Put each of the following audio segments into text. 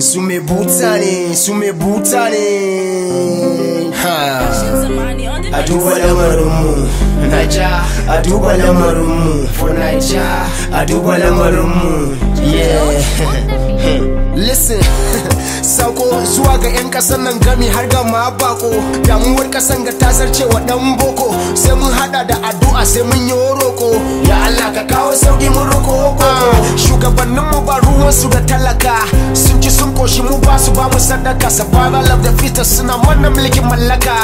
sous butani, boutane butani. Ha. Aduba la marumu, naja. Aduba la marumu, for naja. Aduba la marumu, yeah listen sako zuwa ga 'yan kasan nan gami har ga ma bako damuwar kasan ga tasar cewa dan boko sai mun hada da addu'a sai mun yi roko ya Allah ka kawo sauki mun roko ah. su da talaka sun ci sun koshi mu ba su ba mu sadaka sabara love da fita suna mana mulkin mallaka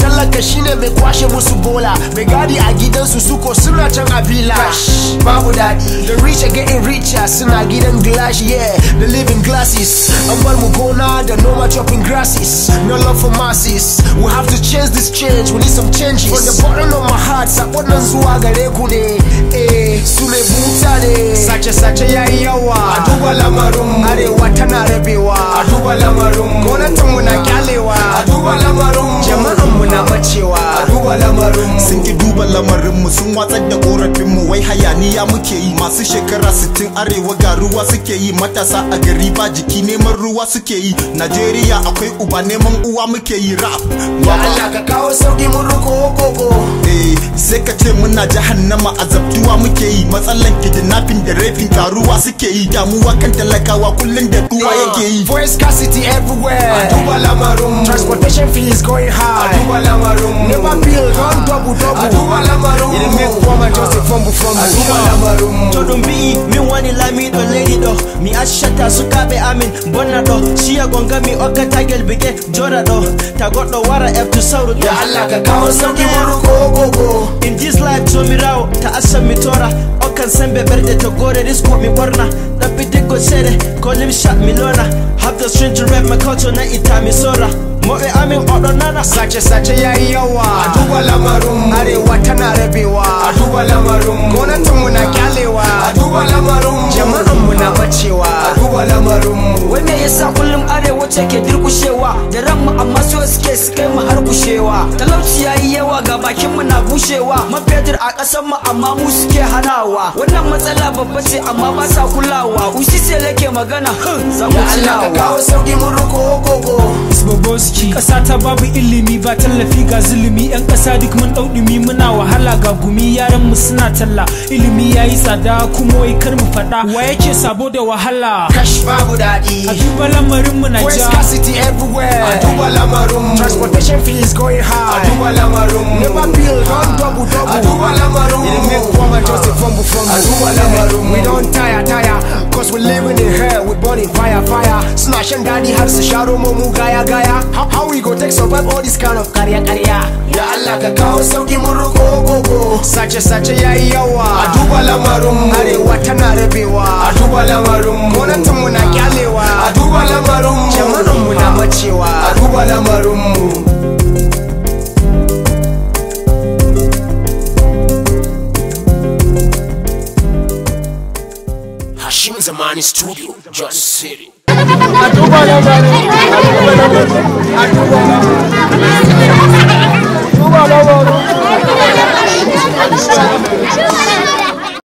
talaka shine mai kwashe musu bola mai gadi a gidansu suko suna can abila babu daɗi the rich are getting richer suna gidan glass yeah the living glasses an bar mu gona da noma chopping grasses no love for masses we have to change this change we need some changes from the bottom of my heart sakon nan zuwa gare ku ne eh sule mai sace-sace ya yawa a duba lamarin arewa tana rabewa a duba lamarin gwamnatin mu na kyalewa a duba lamarin jama'an mu na bacewa a duba lamarin sun ki duba lamarin mu sun watsar da korafin mu wai hayaniya muke yi masu shekara 60 arewa ga ruwa suke yi matasa a gari ba jiki neman ruwa suke yi Najeriya akwai uba neman uwa muke yi rap ya Allah ka kawo sauki mun koko eh, sai ka ce muna jahannama zabtuwa muke yi matsalan kidnapping da rafin karuwa suke yi damuwa kan talakawa kullum da duwa ah, yake yi voice scarcity everywhere a duba lamarin transportation fees going high a duba lamarin never bill don double double from a duba to dun bi min wani lami do lady do mi ashata su kabe amin bona do shi ya gonga mi oka tagel bige jora do ta goddo wara f to sauru ya Allah ka kawo sauki go go in this life to mi rawo ta asha mi tora okan sembe berde to gore risko mi borna da go say it, call him shot me Milona. Have the strength to rap my culture na ita misora. Moe in auto nana. Sace sace yayi yawa. A duba lamarin arewa tana rabewa. A duba lamarin Mona tumu na kyalewa. A duba lamarin jama'an mu na bacewa. A duba lamarin wai me yasa kullum arewa take durkushewa da ran mu so suke su kai mu har kushewa talauci yayi yawa ga bakin mu na bushewa man a ƙasar mu amma mu suke hanawa wannan matsala babba ce amma ba sa kulawa ushi ce lake magana za zamu cilawa kawo sauki Koski Kasa ta babu ilimi ba tallafi ga zulumi yan ƙasa duk mun ɗau ɗumi muna wahala ga gumi yaran mu suna talla ilimi yayi tsada kuma wai kar mu faɗa wa yake sabo da wahala kash babu daɗi a duba lamarin mu na ja scarcity everywhere a duba lamarin mu transportation fees going high a duba lamarin mu never feel don double double a duba lamarin mu it make woman just a fumble from a duba lamarin mu we don tire tire cause we living in hell we burning fire fire suna shan daɗi har su sharo mu mu gaya gaya how, how we go take survive all this kind of karya karya ya Allah ka kawo sauki mun roko koko sace sace yayi yawa a duba lamarin arewa tana rabewa a duba lamarin gwamnatin mu na kyalewa a duba lamarin jama'an mu na macewa a duba lamarin mu Hashim Zamani Studio, Just sitting. àdúgbò lọ́wọ́ ni àdúgbò lọ́wọ́ ni àdúgbò lọ́wọ́ ni.